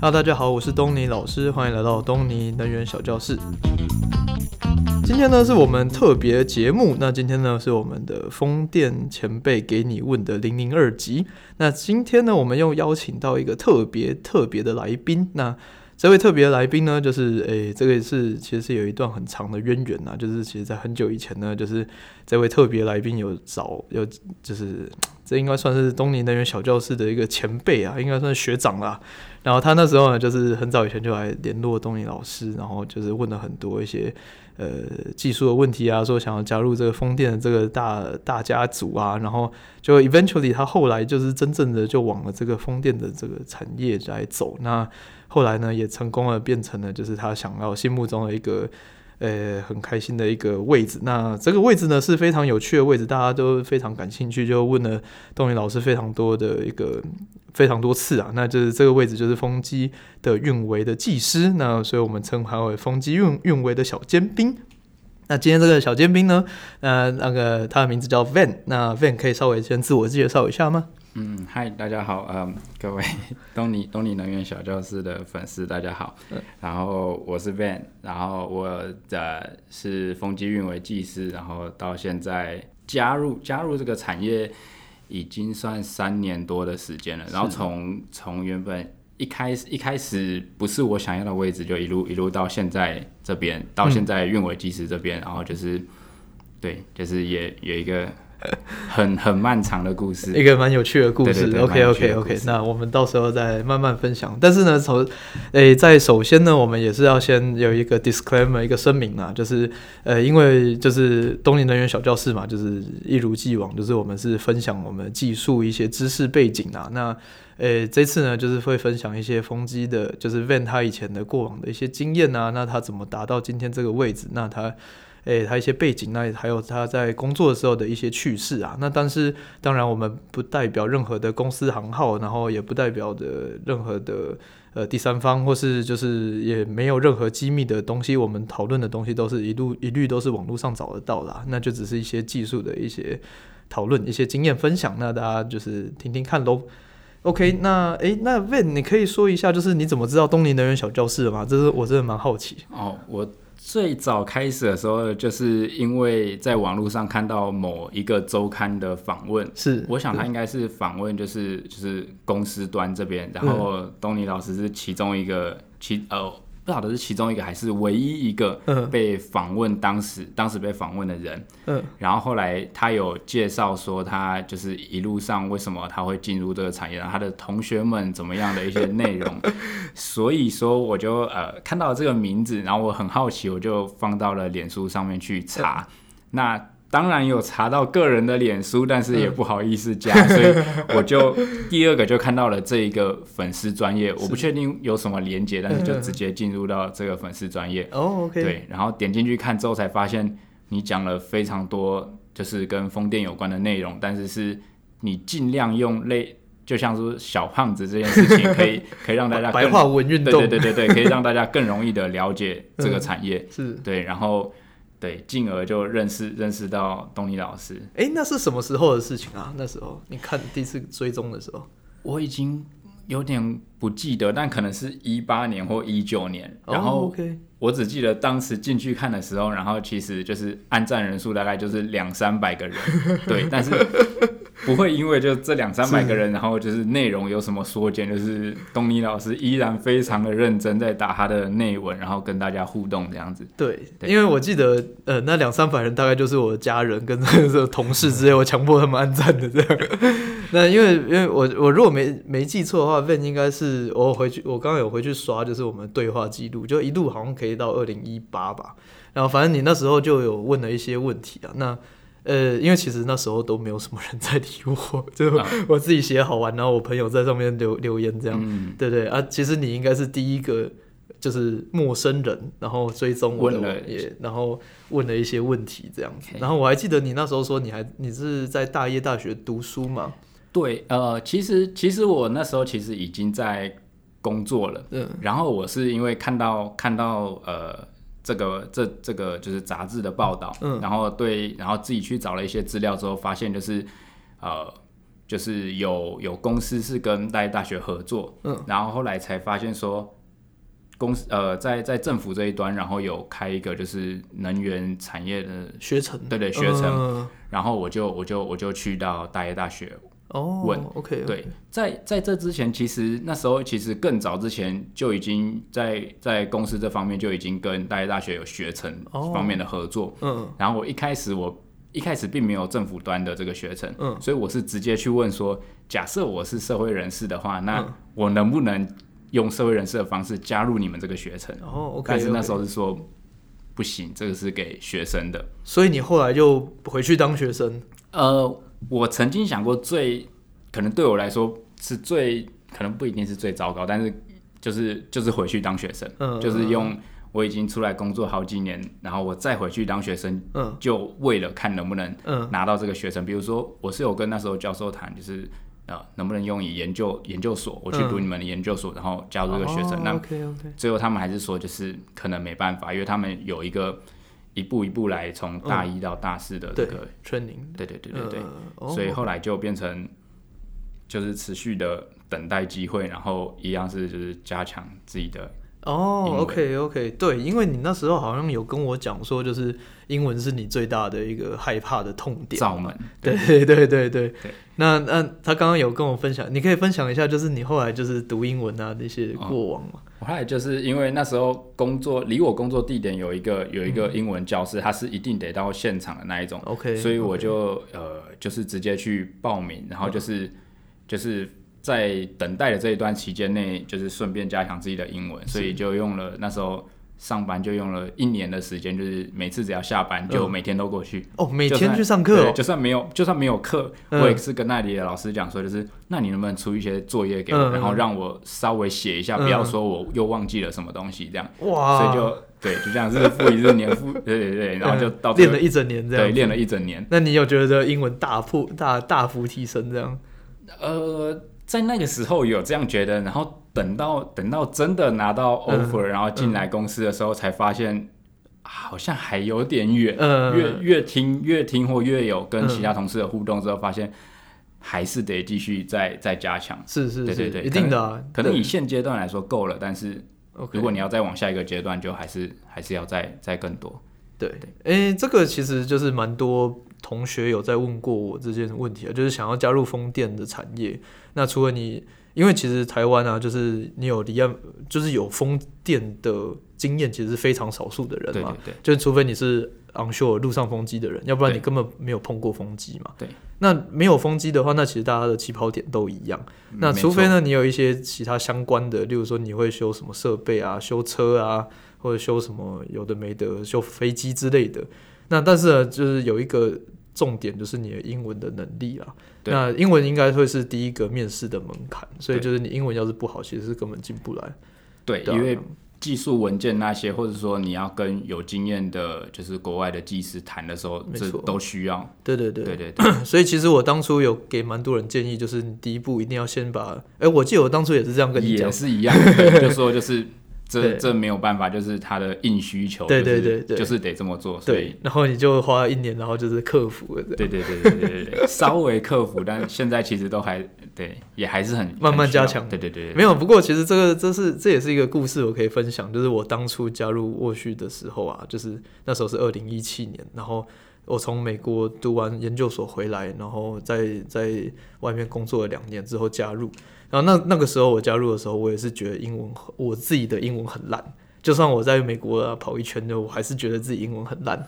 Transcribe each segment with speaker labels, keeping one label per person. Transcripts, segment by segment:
Speaker 1: Hello，大家好，我是東尼老師，歡迎來到東尼能源小教室。今天呢是我們特別節目，那今天呢是我們的風電前輩給你問的零零二集。那今天呢，我們又邀請到一個特別特別的來賓。那這位特別來賓呢，就是誒、欸，這個也是其實是有一段很長的淵源啊。就是其實在很久以前呢，就是這位特別來賓有找，有就是。這應該算是東尼那邊小教室的一個前輩啊，應該算是學長啦啊。然後他那時候呢，就是很早以前就來聯絡東尼老師，然後就是問了很多一些呃技術的問題啊，說想要加入這個風電的這個大大家族啊。然後就 eventually 他後來就是真正的就往了這個風電的這個產業來走。那後來呢，也成功了，變成了就是他想要心目中的一個。呃，很開心的一個位置。那這個位置呢，是非常有趣的位置，大家都非常感興趣，就問了東雲老師非常多的一個非常多次啊。那就是這個位置就是風機的運維的技師，那所以我們稱它為風機運運維的小尖兵。那今天這個小尖兵呢，呃，那個他的名字叫 Van，那 Van 可以稍微先自我介紹一下嗎？嗯，嗨，大家好，嗯，各位
Speaker 2: 東尼東尼能源小教室的粉絲，大家好。 然後我是 Van，然後我的、呃、是風機運維技師，然後到現在加入加入這個產業已經算三年多的時間了。然後從從原本一開始一開始不是我想要的位置，就一路一路到現在這邊，到現在運維技師這邊、嗯，然後就是對，就是也有一個。 很很漫長的故事，一個蠻有、okay, 有趣的故事。OK OK OK，那
Speaker 1: 我們到時候再慢慢分享。 但是呢，從誒、欸，在首先呢，我們也是要先有一個 disclaimer，一個聲明啊,就是呃、欸,因為就是東林能源小教室嘛，就是一如既往，就是我們是分享我們技術一些知識背景啊。那誒、欸，這次呢，就是會分享一些風機的，就是 Van 他以前的過往的一些經驗啊，那他怎麼達到今天這個位置？那他。誒、欸，他一些背景，那還有他在工作的時候的一些趣事啊。那但是，當然我們不代表任何的公司行號，然後也不代表的任何的呃第三方，或是就是也沒有任何機密的東西。我們討論的東西都是一路一律都是網絡上找得到的，那就只是一些技術的一些討論，一些經驗分享。那大家就是聽聽看嘍。OK，那誒、欸，那 Van，你可以說一下，就是你怎麼知道東林能源小教室的嗎？這是我真的蠻好奇。哦、oh，
Speaker 2: 我。最早開始的時候，就是因為在網絡上看到某一個周刊的訪問，是我想他應該是訪問，就是、嗯、就是公司端這邊，然後東尼老師是其中一個其，其、哦、呃。不曉得是，其中一個還是唯一一個被訪問當時、uh -huh. 當時被訪問的人。嗯、uh -huh.，然後後來他有介紹說，他就是一路上為什麼他會進入這個產業，然後他的同學們怎麼樣的一些內容。 所以說，我就呃看到了這個名字，然後我很好奇，我就放到了臉書上面去查。Uh -huh. 那當然有查到個人的臉書，但是也不好意思加，嗯、 所以我就第二個就看到了這一個粉絲專頁，我不確定有什麼連結，但是就直接進入到這個粉絲專頁。哦、嗯、，OK。對，然後點進去看之後才發現，你講了非常多就是跟風電有關的內容，但是是你盡量用類，就像是小胖子這件事情，可以可以讓大家更白話文運動，對對對對，可以讓大家更容易的了解這個產業。嗯、是，對，然後。對，進而就認識認識到東尼老師。哎，那是什麼時候的事情啊？那時候你看第一次追蹤的時候，我已經有點不記得，但可能是一八年或一九年。然後我只記得當時進去看的時候，然後其實就是按讚人數大概就是兩三百個人。 對，但是。 不會，因為就這兩三百個人，然後就是內容有什麼縮減，就是東尼老師依然非常的認真在打他的內文，然後跟大家互動這樣子。
Speaker 1: 對，對因為我記得，呃，那兩三百人大概就是我家人跟那個同事之類，我強迫他們按讚的這樣。嗯、 那因為因為我我如果沒沒記錯的話，Van 應該是我回去我剛剛有回去刷，就是我們對話記錄，就一路好像可以到二零一八吧。然後反正你那時候就有問了一些問題啊，那。呃，因為其實那時候都沒有什麼人在理我，就我自己寫好玩，然後我朋友在上面留留言這樣，嗯、對，對對。啊，其實你應該是第一個就是陌生人，然後追蹤我，的我，也然後問了一些問題這樣子。Okay. 然後我還記得你那時候說，你還你是在大葉大學讀書嘛？
Speaker 2: 對，
Speaker 1: 呃，其實
Speaker 2: 其實我那時候其實已經在工作了，嗯、然後我是因為看到看到呃。這個這這個就是雜誌的報道，嗯，然後對，然後自己去找了一些資料之後，發現就是，呃，就是有有公司是跟大業大學合作，嗯，然後後來才發現說，公司呃在在政府這一端，然後有開一個就是能源產業的學程，對對學程，嗯，然後我就我就我就去到大業大學。
Speaker 1: 哦，問，OK，對，
Speaker 2: 在在這之前，其實那時候其實更早之前就已經在在公司這方面就已經跟大學大學有學程方面的合作，嗯、oh, um,，然後我一開始我一開始並沒有政府端的這個學程，um, 所以我是直接去問說，假設我是社會人士的話，那我能不能用社會人士的方式加入你們這個學程？Oh,」哦 okay,，OK，但是那時候是說不行，這個是給學生的，
Speaker 1: 所以你後來就回去當學生，
Speaker 2: 呃、uh,。我曾經想過最，最可能對我來說是最可能不一定是最糟糕，但是就是就是回去當學生，嗯、就是用、嗯、我已經出來工作好幾年，然後我再回去當學生，嗯，就為了看能不能拿到這個學生。比如說，我是有跟那時候教授談，就是呃，能不能用以研究研究所，我去讀你們的研究所，嗯、然後加入這個學生。哦、那 okay, okay 最後他們還是說，就是可能沒辦法，因為他們有一個。一步一步來，從大一到大四的這個 training、oh,，對對對對對、呃，所以後來就變成就是持續的等待機會，然後一樣是就是加強自己的。
Speaker 1: 哦、oh，，OK OK，對，因為你那時候好像有跟我講說，就是英文是你最大的一個害怕的痛點。對對對對、對、對那那他剛剛有跟我分享，你可以分享一下，就是你後來就是讀英文啊那些過往嘛。
Speaker 2: 我、哦、後來就是因為那時候工作離我工作地點有一個有一個英文教室，他、嗯、是一定得到現場的那一種，OK，所以我就、okay. 呃就是直接去報名，然後就是、嗯、就是。在等待的這一段期間內，就是順便加強自己的英文，所以就用了那時候上班，就用了一年的時間，就是每次只要下班就每天都過去。嗯、哦，每天去上課，哦，就算沒有就算沒有課，嗯，我也是跟那裡的老師講說，就是那你能不能出一些作業給我，嗯、然後讓我稍微寫一下，不要說我又忘記了什麼東西這樣。哇、嗯，所以就對，就這樣日復一日年復、嗯、對對對，然後就到練、嗯、了，了一整年，對，練了一整年。
Speaker 1: 那你有覺得英文大破大大幅提升這樣？
Speaker 2: 呃。在那個時候有這樣覺得，然後等到等到真的拿到 offer，、嗯、然後進來公司的時候，才發現、嗯、好像還有點遠、嗯。越越聽越聽，越聽或越有跟其他同事的互動之後，發現、嗯、還是得繼續再再加強。是，是是，對對對，一定的、啊。可能以現階段來說夠了，但是如果你要再往下一個階段，就還是還是要再再更多。
Speaker 1: 對，哎、欸，這個其實就是蠻多同學有在問過我這件問題啊，就是想要加入風電的產業。那除了你，因為其實台灣啊，就是你有離岸，就是有風電的經驗，其實是非常少數的人嘛。對、對、對，就是除非你是昂秀陸上風機的人，要不然你根本沒有碰過風機嘛。對。那沒有風機的話，那其實大家的起跑點都一樣。那除非呢，嗯、你有一些其他相關的，例如說你會修什麼設備啊、修車啊，或者修什麼有的沒的，修飛機之類的。那但是呢，就是有一個。重點就是你的英文的能力啊，那英文應該會是第一個面試的門檻，所以就是你英文要是不好，其實是根本進不來。對，對啊、因為
Speaker 2: 技術文件那些，或者說你要跟
Speaker 1: 有經驗的，就是國外的技師談的時候，這都需要。對對對，對對,對。 所以其實我當初有給蠻多人建議，就是你第一步一定要先把，哎、欸，我記得我當初也是這樣跟你講，也是一樣的， 就是說就是。這這沒有辦法，就是他的硬需求，就是，對對對，對就是得這麼做。對，然後你就花一年，然後就是克服。對對對對對，對，對，對，
Speaker 2: 稍微克服，但現在其實都還對，也還是很慢慢加強。對對，對對對，沒有。
Speaker 1: 不過其實這個這是這也是一個故事，我可以分享。就是我當初加入沃旭的時候啊，就是那時候是二零一七年，然後我從美國讀完研究所回來，然後在在外面工作了兩年之後加入。然後那那個時候我加入的時候，我也是覺得英文我自己的英文很爛。就算我在美國、啊、跑一圈的，我還是覺得自己英文很爛。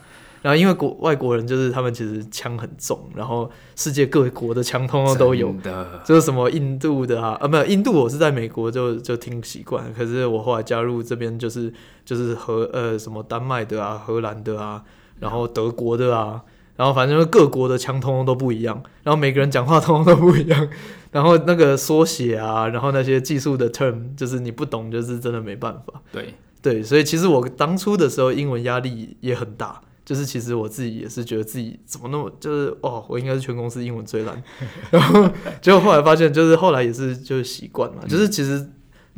Speaker 1: 然後因為國外國人就是他們其實腔很重，然後世界各國的腔通通都有，的就是什麼印度的啊，啊沒有印度，我是在美國就就聽習慣。可是我後來加入這邊就是就是和呃什麼丹麥的啊、荷蘭的啊、然後德國的啊，然後反正就是各國的腔通通都不一樣，然後每個人講話通通都不一樣。然後那個縮寫啊，然後那些技術的 term，就是你不懂，就是真的沒辦法。對對，所以其實我當初的時候英文壓力也很大，就是其實我自己也是覺得自己怎麼那麼就是哦，我應該是全公司英文最爛， 然後結果後來發現就是後來也是就是習慣了、嗯，就是其實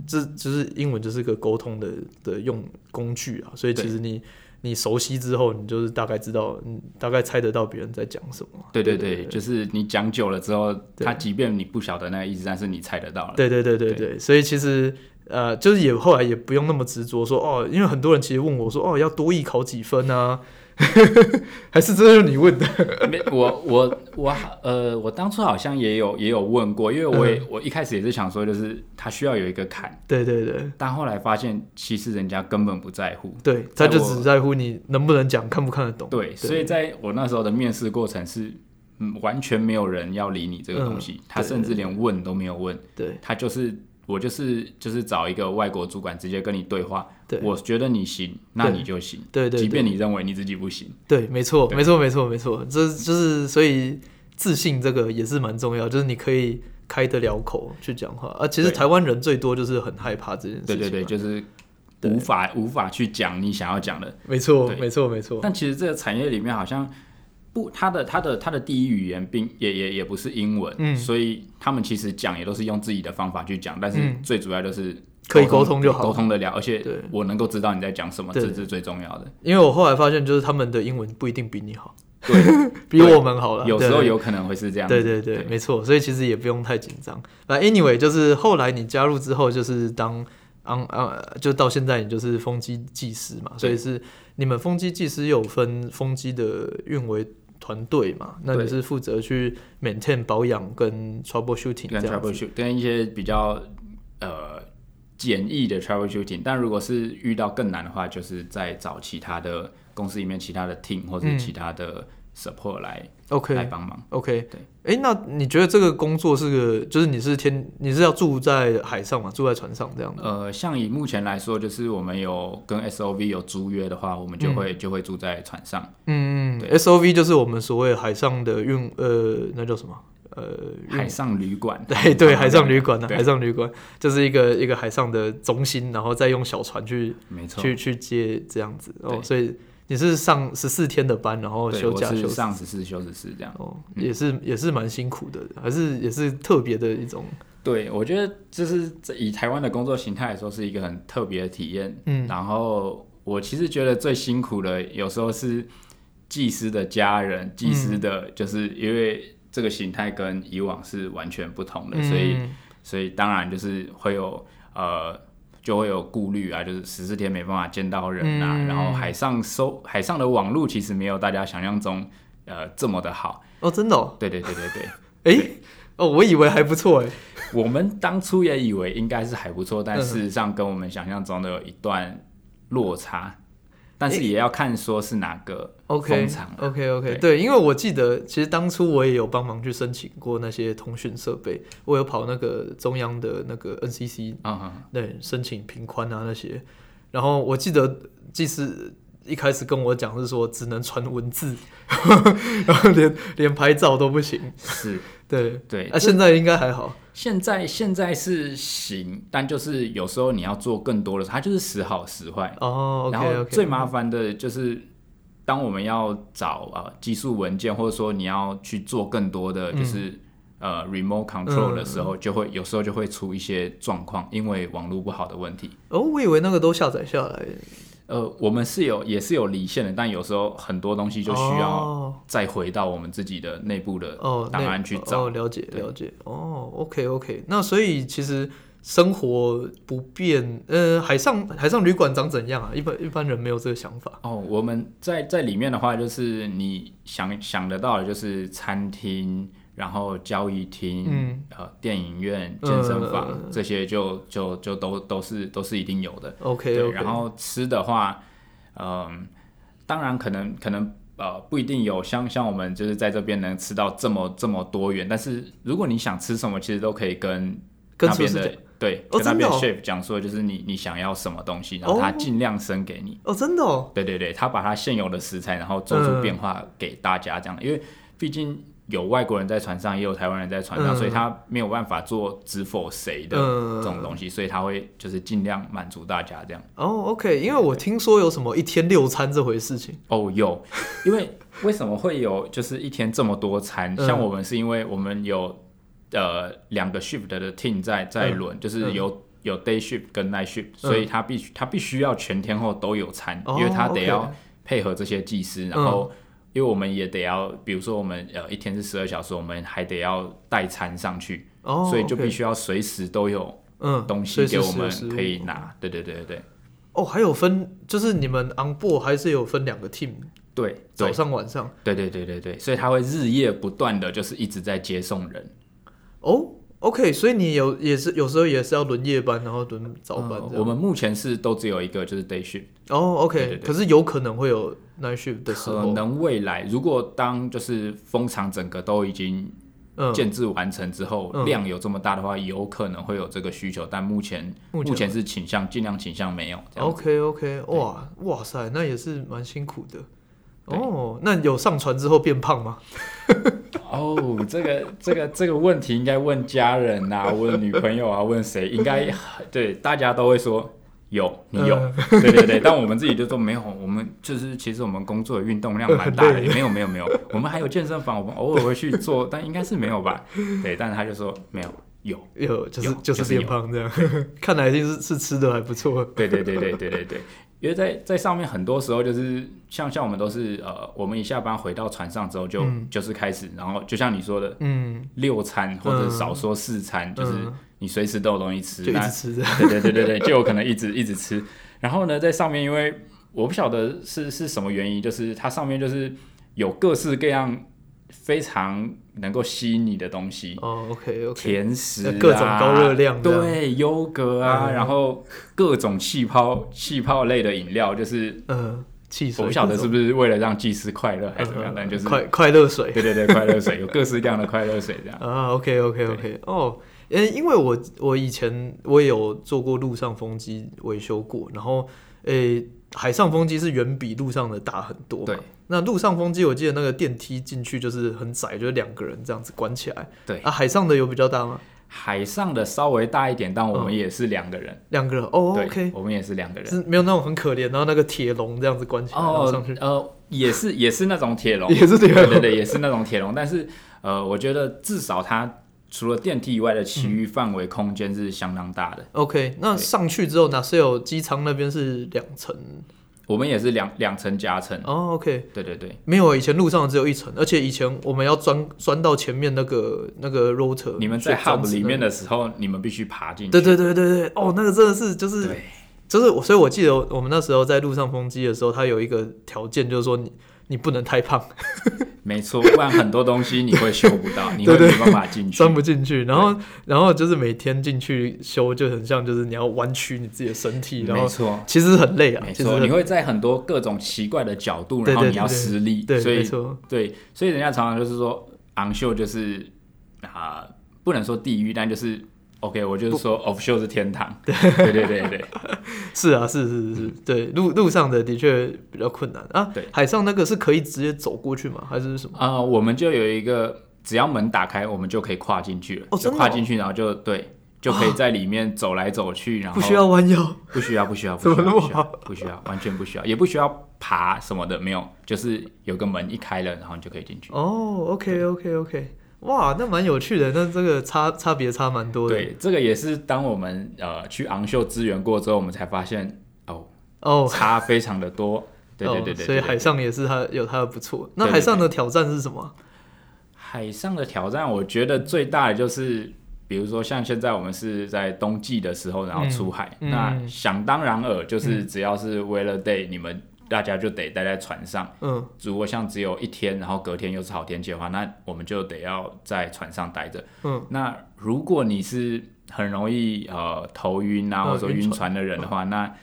Speaker 1: 這就，就是英文就是一個溝通的的用工具啊，所以其實你。你熟悉之後，你就是大概知道，嗯，大概猜得到別人在講什麼對對對。對對對，就
Speaker 2: 是你講久了之後，他即便你不曉得那個意思，但是你猜得到對
Speaker 1: 對對對對，對，所以其實呃，就是也後來也不用那麼執着說哦，因為很多人其實問我說，說哦，要多益考幾分呢、啊。 還是真的是你問的？沒， 我我
Speaker 2: 我，呃，我當初好像也有也有問過，因為我也、嗯、我一開始也是想說，就是他需要有一個坎，
Speaker 1: 對對對。
Speaker 2: 但後來發現，其實人家根本不在乎，對，他就只
Speaker 1: 在乎你能不能講，看不看得懂對。對，所以在
Speaker 2: 我那時候的面試過程是、嗯，完全沒有人要理你這個東西，他、嗯、甚至連問都沒有問，對他就是。我就是就是找一個外國主管直接跟你對話，對，我覺得你行，那你就行。對，行對，對對，即便你認為你自己不行，
Speaker 1: 對，沒錯，沒錯，沒錯，沒錯，這是就是所以自信這個也是蠻重要，就是你可以開得了口去講話。啊，其實台灣人
Speaker 2: 最多就是很害怕這件事情，對對對，就是無法無法去講你想要講的。
Speaker 1: 沒錯，沒錯，沒錯。但
Speaker 2: 其實這個產業裡面好像。不，他的他的他的第一語言並也也也不是英文，嗯，所以他們其實講也都是用自己的方法去講、嗯，但是最主要就是可以溝通就好，溝通得了，而且我能夠知道你在講什麼字，這是最重要的。
Speaker 1: 因為我後來發現，就是他們的英文不一定比你好，對，比我們好了。有時候有可能會是這樣，對對對，對沒錯。所以其實也不用太緊張。那 anyway，就是後來你加入之後，就是當當、嗯嗯，就到現在你就是風機技師嘛，所以是你們風機技師有分風機的運維。團隊嘛，那你是負責去 maintain、保養跟 trouble shooting，跟 trouble shooting，跟一些比較
Speaker 2: 呃簡易的 trouble shooting。但如果是遇到更難的話，就是再找其他的公司裡面其他的 team 或者其他的 support 來 OK、嗯、來幫忙。
Speaker 1: OK，, okay. 對。哎、欸，那你覺得這個工作是個，就是你是天，你是要住在海上嘛，住在船上這樣
Speaker 2: 的？呃，像以目前來說，就是我們有跟 S O V 有租約的話，我
Speaker 1: 們就會、嗯、就會住在
Speaker 2: 船上。嗯。
Speaker 1: S O V 就是我們所謂海上的運，呃，那叫什麼？呃，海上旅館、嗯。對對，海上旅館、啊、海上旅館，就是一個一個海上的中心，然後再用小船去，沒錯，去去接這樣子。哦，所以你是上十四天的班，然後休假上 14, 休上
Speaker 2: 十四休十四這樣。哦，
Speaker 1: 嗯、也是也是蠻辛苦的，還是也是特別的一種。
Speaker 2: 對，我覺得就是以台灣的工作形態來說，是一個很特別的體驗。嗯，然後我其實覺得最辛苦的，有時候是。技師的家人，技師的，就是因為這個形態跟以往是完全不同的、嗯，所以，所以當然就是會有呃，就會有顧慮啊，就是十四天沒辦法見到人吶、啊嗯。然後海上收海上的網絡其實沒有大家想象中呃這麼的好哦，真的、哦？對對對對對，哎、 欸，哦，我以為還不錯哎、欸， 我們當初也以為應該是還不錯，但事實上跟我們想象中的有一段落差。但是也要看說是哪個通常、啊欸，OK，OK，OK，okay, okay, 對，對，
Speaker 1: 因為我記得，其實當初我也有幫忙去申請過那些通訊設備，我有跑那個中央的那個 NCC、嗯、對、嗯，申請頻寬啊那些，然後我記得即使一開始跟我講是說只能傳文字， 然後連連拍照都不行， 是對對，啊，現在應該還好。現在現在是
Speaker 2: 行，但就是有時候你要做更多的它，就是時好時壞、oh, okay, okay. 然後最麻煩的就是，當我們要找啊、嗯呃、技術文件，或者說你要去做更多的，就是、嗯、呃 remote control、嗯、的時候，就會有時候就會出一些狀況，因為網路不好的問題。哦，我以為那個都下載下來。呃，我們是有也是有離線的，但有時候很多東西就需要再回到我們自己的內部的檔案去找、
Speaker 1: 哦哦、了解了解。哦，OK OK，那所以其實生活不便，呃，海上海上旅館長怎樣啊？一般一般人沒有這個想法。
Speaker 2: 哦，我們在在裡面的話，就是你想想得到的就是餐廳。然後交誼廳、嗯、呃電影院、健身房、嗯嗯嗯、這些就就就,就都都是都是一定有的。Okay, 對，okay. 然後吃的話，嗯、呃，當然可能可能呃不一定有，像像我們就是在這邊能吃到這麼這麼多元。但是如果你想吃什麼，其實都可以跟那
Speaker 1: 邊跟,、哦、跟那邊的
Speaker 2: 對跟那邊 Chef 講說，就是你你想要什麼東西，哦、然後他盡量生給你。
Speaker 1: 哦，真的哦。
Speaker 2: 對對對，他把他現有的食材然後做出變化給大家、嗯、這樣，因為畢竟。有外國人在船上，也有台灣人在船上、嗯，所以他沒有辦法做知否誰的這種東西、嗯，
Speaker 1: 所以他會就是儘量
Speaker 2: 滿足大家這樣。
Speaker 1: 哦、oh,，OK，因為我聽說有什麼一天六餐
Speaker 2: 這回事情。哦，有，因為為什麼會有就是一天這麼多餐？嗯、像我們是因為我們有呃兩個 shift 的 team 在在輪、嗯，就是有、嗯、有 day shift 跟 night shift，、嗯、所以他必須他必須要全天候都有餐、哦，因為他得要配合這些技師、嗯，然後。因為我們也得要，比如說我們呃一天是十二小時，我們還得要帶餐上去，oh, okay. 所以就必須要隨時都有東西給我們可以拿。對、嗯、對對對對。
Speaker 1: 哦，還有分，就是你們昂布 b 還是有分兩個 team？對，
Speaker 2: 對早上晚上。對對對對對。所以他會日夜不斷的就
Speaker 1: 是一直在接送人。哦、oh?。OK，所以你有也是有時候也是要輪夜班，然後輪早班、嗯。我們目前是都只有一個，就是 day shift 哦。Oh, OK，對對對，可是有可
Speaker 2: 能會有 night shift 的時候。可能未來如果當就是風場整個都已經建置完成之後、嗯嗯，量有這麼大的話，有可能會有這個需求。但目前目前，目前是傾向盡量傾向沒有這樣。
Speaker 1: OK OK，哇哇塞，那也是蠻辛苦的。哦，oh, 那有上船之後變胖嗎？ 哦、oh,
Speaker 2: 這個，這個這個這個問題應該問家人啊，問女朋友啊，問誰？應該對大家都會說有，你有，呃，對對對。但我們自己就說沒有，我們就是其實我們工作的運動量蠻大，呃、的，也沒有沒有沒有，我們還有健身房，我們偶爾會去做，但應該是沒有吧？對，但是他就說沒有，有有就是有就是變胖這樣，看來就是是吃得還不錯。對對對對對對對，對。因為在在上面很多時候就是像像我們都是呃，我們一下班回到船上之後就、嗯、就是開始，然後就像你說的，嗯，六餐或者少說四餐，嗯、就是你隨時都有東西吃，嗯、那就一直吃，對對對對對，就有可能一直 一直吃。然後呢，在上面，因為我不曉得是是什麼原因，就是它上面就是有各式各樣。非常能夠吸引你的東西哦、oh, okay,，OK，甜食、啊、各種高熱量，對，優格啊、嗯，然後各種氣泡氣泡類的飲料，就是呃汽水，我不曉得是不是為了讓技師快樂還是怎麼樣，反、呃、就是快快樂水，對對對，快樂水 有各式各樣的快樂水這
Speaker 1: 樣 啊，OK OK OK，哦，oh, 因為我我以前我也有做過陸上風機維修過，然後誒、欸，海上風機是遠比陸上的大很多嘛，對。那陸上風機，我記得那個電梯進去就是很窄，就是兩個人這樣子關起來。對啊，海上的有比較大嗎？海上的稍微大一點，但我們也是兩個人，兩個人、嗯、兩個人哦。Oh, okay. 對，我們也是兩個人，是沒有那種很可憐，然後那個鐵籠這樣子關起來、
Speaker 2: oh, 然後上去。呃，也是也是那種鐵籠，也是那種鐵籠，對對對也是那種鐵籠。 但是呃，我覺得至少它除了電梯以外的其餘範圍空間是相當大的、嗯。OK，
Speaker 1: 那上去之後，那是有機艙那邊是兩層。
Speaker 2: 我們也是兩兩層
Speaker 1: 夾層哦，OK，對對對，沒有，以前陸上只有一層，而且以前我們要鑽鑽到前面那個那個 rotor，你們在 hub 裡,裡面的
Speaker 2: 時候，你們必須爬進去。對對對
Speaker 1: 對對，哦，那個真的是就是就是我，所以我記得我們那時候在陸上風機的時候，它有一個條件，就是說你。你不能太胖， 沒錯，不然很多東西你會修不到， 你會沒辦法進去，鑽不進去。然後，然後就是每天進去修，就很像就是你要彎曲你自己的身體，然後，沒錯，其實很累啊，沒錯，你會在
Speaker 2: 很多各種奇怪的角度，然後你要施力，對對對對對對，所以，對沒錯，對，所以人家常常就是說，昂秀就是啊、呃，不能說地獄，但就是。OK，我就是說 offshore 是天堂，
Speaker 1: 對對對對，對 是啊是是是、嗯、對，路路上的的確比較困難啊，對，海上那個是可以直接走過去嗎？還是，是什麼？啊、呃，我們就有一個，只要
Speaker 2: 門打開，我們就可以跨進去了，哦，哦跨進去，然後就對，就可以在裡面走來走去，然後不需要彎腰，不需要玩不需要不需要不需要，完全不需要，也不需要爬什麼的，沒有，就是有個門一開了，然後你就可以進
Speaker 1: 去。哦 okay，OK OK OK。
Speaker 2: 哇，那蠻有趣的，那這個差差別差蠻多的。對，這個也是當我們呃去昂秀支援過之後，我們才發現哦哦、oh. 差非常的多。對對對、對、對、對、對、oh, 所以海
Speaker 1: 上也是它有它的不錯。那海上的挑戰是什麼？對對對，海上的
Speaker 2: 挑戰，我覺得最大的就是，比如說像現在我們是在冬季的時候，然後出海，嗯、那想當然耳就是只要是 weather day、嗯、你們。大家就得待在船上。嗯，如果像只有一天，然後隔天又是好天氣的話，那我們就得要在船上待着。嗯，那如果你是很容易呃頭暈啊，或者說暈船的人的話，嗯嗯、那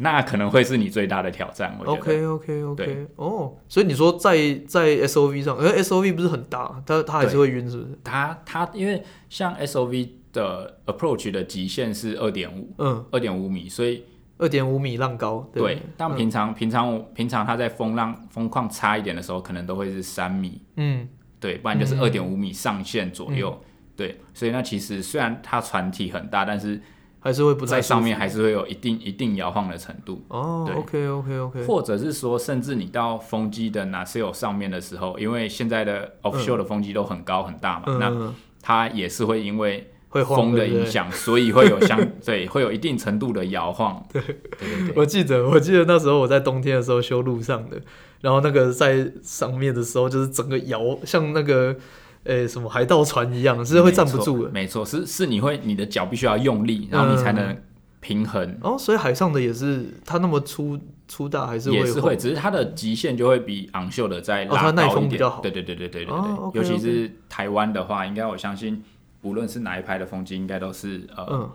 Speaker 2: 那可能會是你最大的挑戰。嗯、我覺得。OK OK OK。哦、oh，所以你說在在 SOV 上，而 SOV 不是很大，他他還是會暈，是不是？他他因為像 SOV 的 approach 的極限是二點五，嗯，二點五米，所以。二點五米浪高，對。對但平常平常，嗯、平常，平常它在風浪風況差一點的時候，可能都會是三米。嗯，對，不然就是二點五米上限左右，嗯。對，所以那其實雖然它船體很大，但是還是會不在上面，還是會有一定一定搖晃的程度。哦、oh，OK OK
Speaker 1: OK。或者是
Speaker 2: 說，甚至你到風機的 nacelle 上面的時候，因為現在的 offshore 的風機都很高，嗯、很大嘛，嗯，那它也是會因為。會晃，對對，風的影響，所以會有相 對會有一定程度的搖晃
Speaker 1: 對對對。我記得我記得那時候我在冬天的時候修路上的，然後那個在上面的時候就是整個搖像那個呃、欸、什麼海盜船一樣，是會站不住的。
Speaker 2: 沒錯，是是你會你的腳必須要用力，然後你才能平衡。
Speaker 1: 嗯、哦，所以海上的也是它那麼粗粗大，還是會晃，也是會只是它
Speaker 2: 的極限就會比昂秀的再拉高一點、哦、它耐風比較好。對對對對對對對，哦、okay, okay. 尤其是台灣的話，應該我相信。無論是哪一派的風機，應該都是呃，嗯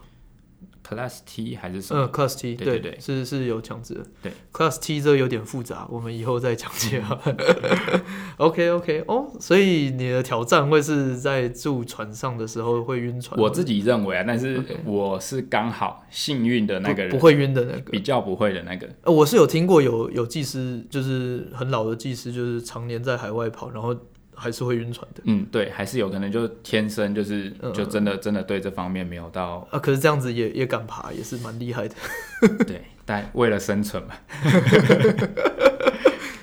Speaker 2: ，Class T 還是
Speaker 1: 什麼？嗯，Class T，對對對，是是有強制的。對，Class T 這個有點複雜，我們以後再講解 OK OK，哦，所以你的挑戰會是在住船上的時候會暈船？我自
Speaker 2: 己認為啊，但是我是剛好幸運的那個人，不會暈的那個，比較不會的那個。
Speaker 1: 呃、我是有聽過有有技師，就是很老的技師，就是常年在海外跑，然後。還是會暈船的，嗯，對，
Speaker 2: 還是有可能就天生就是、嗯、就真的真的對這方面沒有到
Speaker 1: 啊。可是這樣子也也敢爬，也是蠻厲害的。 對，但為了生存嘛。哎、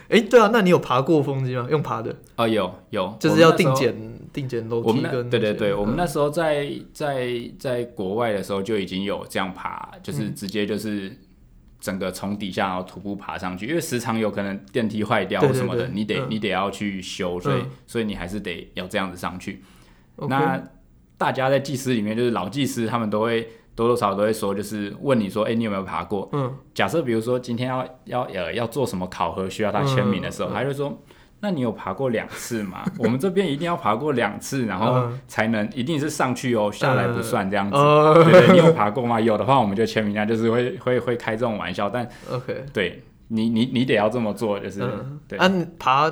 Speaker 1: 欸，對啊，那你有爬過風機嗎？用爬的？啊，有有，就是要定檢定檢樓梯跟那些。對
Speaker 2: 對對、嗯，我們那時候在在在國外的時候就已經有這樣爬，就是直接就是。嗯整個從底下然後徒步爬上去，因為時常有可能電梯壞掉或什麼的，對對對，你得、嗯、你得要去修，嗯、所以所以你還是得要這樣子上去。嗯、那大家在技師裡面，就是老技師，他們都會多多少少都會說，就是問你說，哎、欸，你有沒有爬過？嗯、假設比如說今天要要、呃、要做什麼考核需要他簽名的時候，嗯、他就說。那你有爬過兩次嗎？ 我們這邊一定要爬過兩次， 然後才能 一定是上去哦，下來不算這樣子。 對，對對，你有爬過嗎？有的話我們就簽名啊，就是會會會開這種玩笑。但 OK，對，你你你得要這麼做，就是、 嗯、對。嗯、
Speaker 1: 啊、爬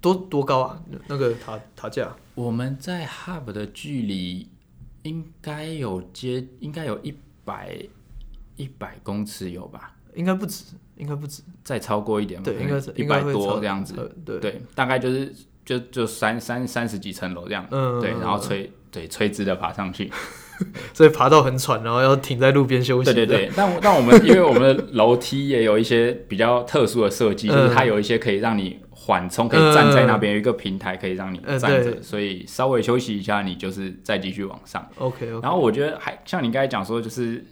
Speaker 1: 多多高啊？那個塔塔架？
Speaker 2: 我們在 Hub 的距離應該有接，應該有一百一百公尺有吧？
Speaker 1: 應該不止，應該不止，再超
Speaker 2: 過一點吧，應該是一百多這樣子，呃、對，對大概就是就就三三三十幾層樓這樣、嗯、對，然後垂直對垂直的爬上去，嗯、
Speaker 1: 所以爬到很喘，然後要停在路邊休息，對對對，但，但我們 因為我
Speaker 2: 們的樓梯也有一些比較特殊的設計、嗯，就是它有一些可以讓你緩衝，可以站在那邊、嗯、有一個平台可以讓你站着、嗯嗯，所以稍微休息一下，你就是再繼續往上 okay, OK，然後我覺得還像你剛才講說就是。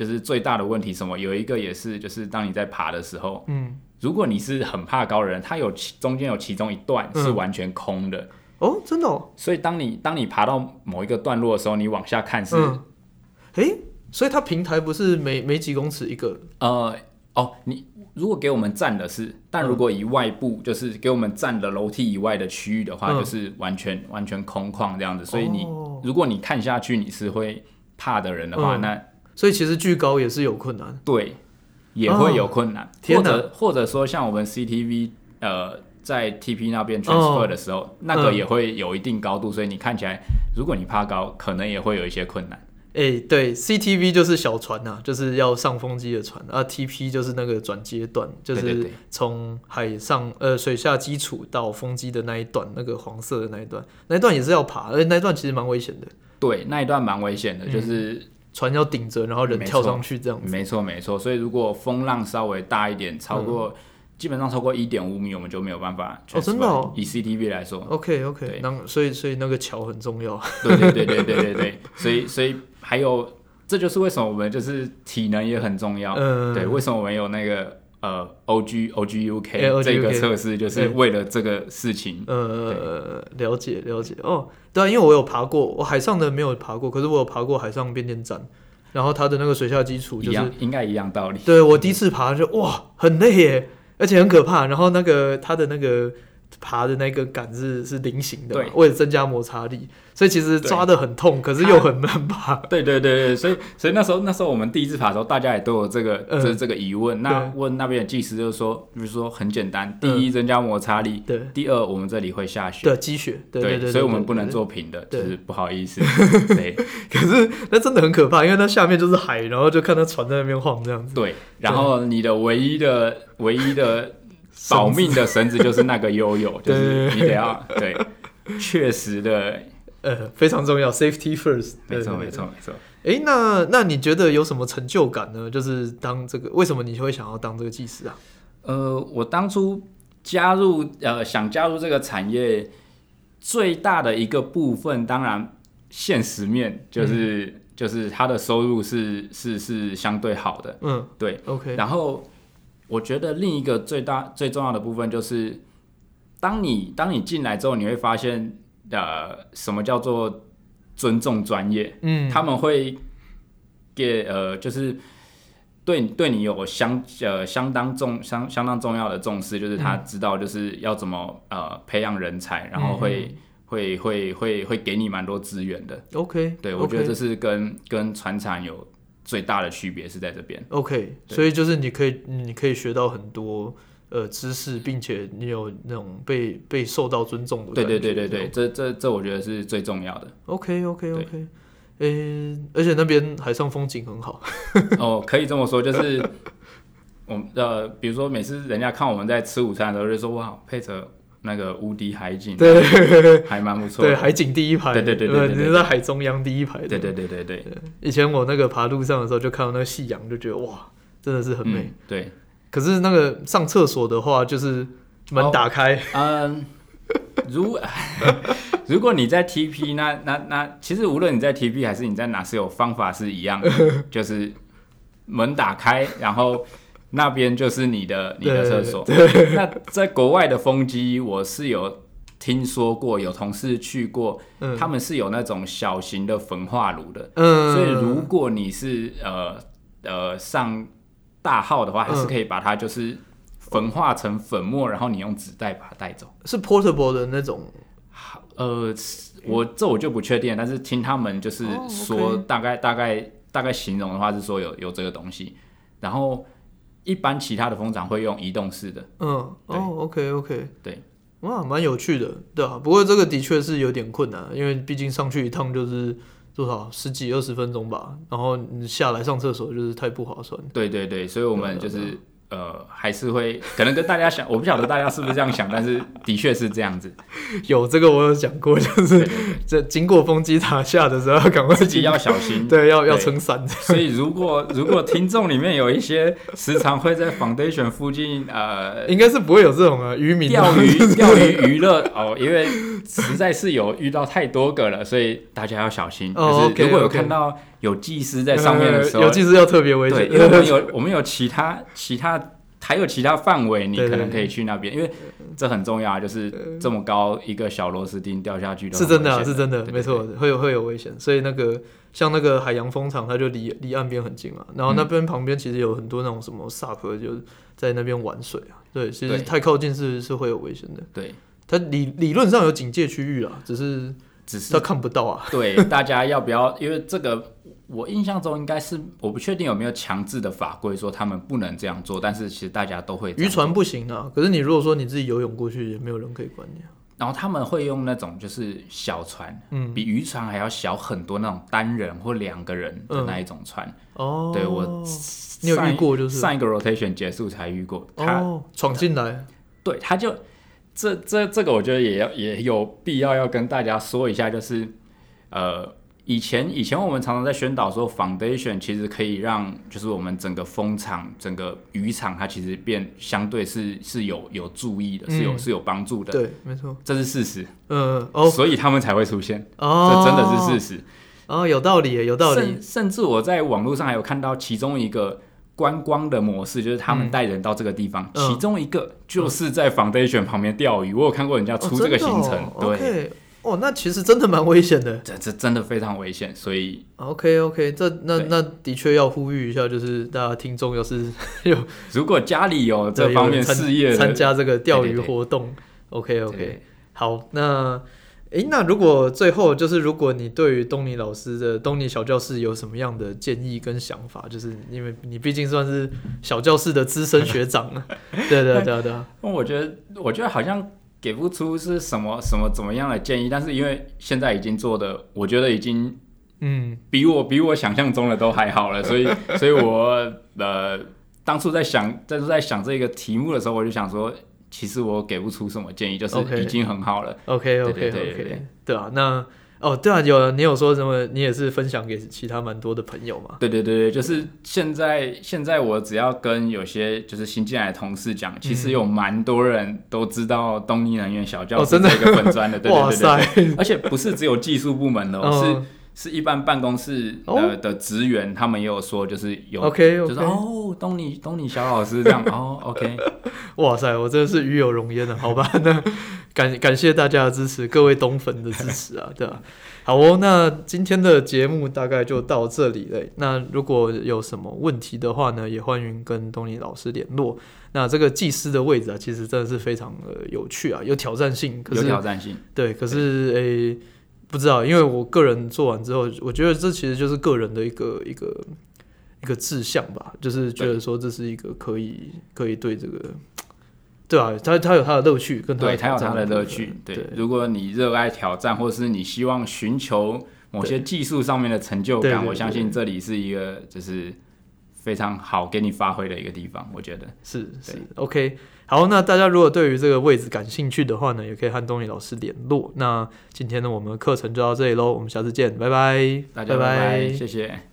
Speaker 2: 就是最大的問題什麼？有一個也是，就是當你在爬的時候，嗯，如果你是很怕高的人，它有其中間有其中一段是完全空的、嗯、哦，真的、哦。所以當你當你爬到某一個段落的時候，你往下看是，哎、嗯，所以它
Speaker 1: 平台不是每每幾公尺一個，
Speaker 2: 呃，哦，你如果給我們站的是，但如果以外部就是給我們站的樓梯以外的區域的話、嗯，就是完全完全空曠這樣子。所以你、哦、如果你看下去，你是會怕的人的話，嗯、那。
Speaker 1: 所以其實巨高也是有困難，對，也會有困難。哦、天，或者
Speaker 2: 或者說，像我們 C T V，呃，在 T P 那邊 transfer 的時候、哦，那個也會有一定高度、嗯，所以你看起來，如果你爬高，可能也會有一些困難。
Speaker 1: 誒、欸，對，C T V 就是小船吶、啊，就是要上風機的船而、啊、T P 就是那個轉接段，就是從海上呃水下基礎到風機的那一段，那個黃色的那一段，那一段也是要爬，而、欸、且那一段其實蠻危險的。對，那一段蠻危險的，就是。嗯船要頂着，然後
Speaker 2: 人跳上去這樣子。沒錯沒錯，所以如果風浪稍微大一點，超過、嗯、基本上超過一點五米，我們就沒有辦法哦全部。哦，真的哦。以 CTV 來說
Speaker 1: ，OK OK。那所以所以那個橋很重要。對對對對對對，對 所以
Speaker 2: 所以還有，這就是為什麼我們就是體能也很重要。嗯、對，為什麼我們有那個？呃，O G O G U K、欸、這個測試就是為了這個事情。
Speaker 1: 呃，了解了解。哦、oh，對啊，因為我有爬過，我海上的沒有爬過，可是我有爬過海上變電站，然後它的那個水下基礎就是應該一樣道理。對，我第一次爬就哇，很累耶，而且很可怕。然後那個它的那個。爬的那個桿子是，是菱形的嘛，對，為了增加摩擦力，所以其實抓得很痛，可是又很難爬。對、啊、對對對，所以所以那時候那時候
Speaker 2: 我們第一次爬的時候，大家也都有這個就是、嗯、這、這個疑問。那問那邊的技師，就是說，比、就、如、是、說很簡單，第一增加摩擦力，對；對第二我們這裡會下雪，對積雪，對對對、對、對、對，所以我們不能做
Speaker 1: 平的，對對對對對就是不好意思。 可是那真的很可怕，因為它下面就是海，然後就看到船在那邊晃這樣子。對，然後你的唯一的唯一的。
Speaker 2: 保命的繩子 就是那個悠悠，就是你得要 對，確 實的，
Speaker 1: 呃，非常重要，Safety first，對對對對，沒錯沒錯沒錯。哎、欸，那那你覺得有什麼成就感呢？就是當這個，為什麼你會想要當這個技師啊？呃，我當
Speaker 2: 初加入呃，想加入這個產業最大的一個部分，當然現實面就是、嗯、就是他的收入是是是相對好的，嗯，對，OK，然後。我覺得另一個最大最重要的部分就是當，當你當你進來之後，你會發現，呃，什麼叫做尊重專業？嗯，他們會給呃，就是對對你有相呃相當重相相當重要的重視，就是他知道就是要怎麼、嗯、呃培養人才，然後會、嗯、會會會會給你蠻多資源的。OK，對 okay.，我覺得這是跟跟傳產有。最大的區別是在這邊。OK，所以就
Speaker 1: 是你可以，你可以學到很多呃知識，並且你有那種被被受到尊重的、的。對對對對對，這這這我覺得是最重要的。OK OK OK，呃、欸，而且那邊海上風景很好。
Speaker 2: 哦，可以這麼說，就是我們 呃，比如說每次人家看我們在吃午餐的時候，就說：“哇，佩澤。”那個無敵海景，對，對，還蠻不錯。對，海景第一排。對對對對對，對，你是在海
Speaker 1: 中央第一排。對對，對對對對對。以前我那個爬路上的時候，就看到那個夕陽，就覺得哇，真的是很美。嗯、對。可是那個上廁所的話，就是門打開、哦。嗯。如 如果你在
Speaker 2: TP，那那那其實無論你在 TP 還是你在哪，是有方法是一樣的， 就是門打開，然後。那邊就是你的你的廁所。對對對對，那在國外的風機，我是有聽說過，有同事去過，嗯、他們是有那種小型的焚化爐的、嗯。所以如果你是呃呃上大號的話，還是可以把它就是焚化成粉末，嗯、然後你用紙袋把它帶走。
Speaker 1: 是 portable 的那種？
Speaker 2: 呃，我這我就不確定，但是聽他們就是說、哦 okay、大概大概大概形容的話是說有有這個東西，然後。一般其他的風場會用移動式的，
Speaker 1: 嗯，哦，OK OK，對，哇，蠻有趣的，對啊，不過這個的確是有點困難，因為畢竟上去一趟就是多少十幾二十分鐘吧，然後你下來上廁所就是太不划算。
Speaker 2: 對對對，所以我們就是。呃，還是會，可能跟大家想，我不曉得大家是不是這樣想， 但是的確是這樣子。有這個我有講過，就是這經過風機塔下的時候趕，趕快自己要小心， 對，要對要撐傘。所以如果如果聽眾裡面有一些時常會在 foundation 附近，呃，應該是不
Speaker 1: 會有這種啊，漁民釣魚
Speaker 2: 釣 魚娛樂哦，因為實在是有遇到太多個了，所以大家要小心。哦，可是如果有看到。哦 okay, okay. 有技師在上面的時候，有技師要特別危險。對，因為我們有我們有其他其他還有其他範圍，你可能可以去那邊，因為這很重要啊。就是這麼高一個小螺絲釘掉下去都是真的啊，是真
Speaker 1: 的是真的，對對對對，沒錯，會有會有危險。所以那個像那個海洋風場，它就離離岸邊很近嘛。然後那邊旁邊其實有很多那種什麼 SUP，就是在那邊玩水啊。對，其實太靠近是是會有危險的。對，它理理論上有警戒區域啊，只是只是都看不到啊。對，大家要不要？因為這個。我印象中應該是，
Speaker 2: 我不確定有沒有強制的法規說他們不能這樣做，但是其實大家都會漁船
Speaker 1: 不行的啊，可是你如果說你自己游泳過去，也沒有人可以管你啊。然
Speaker 2: 後他們會用那種就是小船，嗯，比漁船還要小很多那種單人或兩個人的那一種船。哦，嗯，對我，你有遇過就是上一個 rotation 結束才遇過他闖進來，對，他就這這這個我覺得也要也有必要要跟大家說一下，就是呃。以前以前我們常常在宣導說，foundation 其實可以讓就是我們整個風場、整個漁場，它其實變相對是是有有注意的，嗯、是有是有幫助的。對，沒錯，這是事實。嗯、呃哦，所以他們才會出現。哦，這真的是事實。
Speaker 1: 哦，有道理，有道理。甚,甚
Speaker 2: 至我在網路上還有看到其中一個觀光的模式，就是他們帶人到這個地方、嗯，其中一個就是在 foundation 旁邊釣魚、嗯。我有看過人家出這個行程，哦哦、對。Okay
Speaker 1: 哦，那其實真的
Speaker 2: 蠻危險的，這這真的非常危險，所以
Speaker 1: OK OK，這那那的確要呼籲一下，就是大家聽眾要是有，
Speaker 2: 如果家裡有這方面事業，參加這個釣魚活
Speaker 1: 動，對對對，OK OK，對對對，好，那誒、欸，那如果最後就是，如果你對於東尼老師的東尼小教室有什麼樣的建議跟想法，就是因為你畢竟算是小教室的資深學長了， 對，對對對對，
Speaker 2: 那我覺得我覺得好像。給不出是什麼什麼怎麼樣的建議，但是因為現在已經做的，我覺得已經嗯，比我比我想象中的都還好了， 所以所以我呃，當初在想當是在，在想這個題目的時候，我就想說，其實我給不出什麼建議，就是已經很好了。OK 對對對對對對對 okay, OK OK，
Speaker 1: 對啊，那。哦、oh，對啊，有你有說什麼？你也是分享給其他蠻多的朋友嘛？
Speaker 2: 對對對，對就是現在、嗯、現在我只要跟有些就是新進來的同事講，其實有蠻多人都知道東尼能源小教室這一個粉專的、哦、的，對對對，對，對， 而且不是只有技術部門的， 是、哦。是一般辦公室的職、oh? 員，他們也有說，就是有，okay, okay. 就說哦，
Speaker 1: 東尼東尼小老師這樣 哦，OK，哇塞，我真的是與有榮焉呢， 好吧，那感感謝大家的支持，各位東粉的支持啊， 對吧、啊？好哦，那今天的節目大概就到這裡了。那如果有什麼問題的話呢，也歡迎跟東尼老師聯絡。那這個技師的位置啊，其實真的是非常的有趣啊，有挑戰性可是，有挑戰性，對，可是誒。不知道，因為我個人做完之後，我覺得這其實就是個人的一個一個一個志向吧，就是覺得說這是一個可以可以對這個，對啊，他他有他的樂趣，跟他的，對，他有他的樂趣對。對，
Speaker 2: 如果你熱愛挑戰，或是你希望尋求某些技術上面的成就感對對對對，我相信這裡是一個就是非常好給你發揮的一個地方。我覺得是是
Speaker 1: OK。好，那大家如果對於這個位置感興趣的話呢，也可以和東尼老師聯絡。那今天呢，我們的課程就到這裡嘍，我們下次見，拜拜，大家拜拜，謝謝。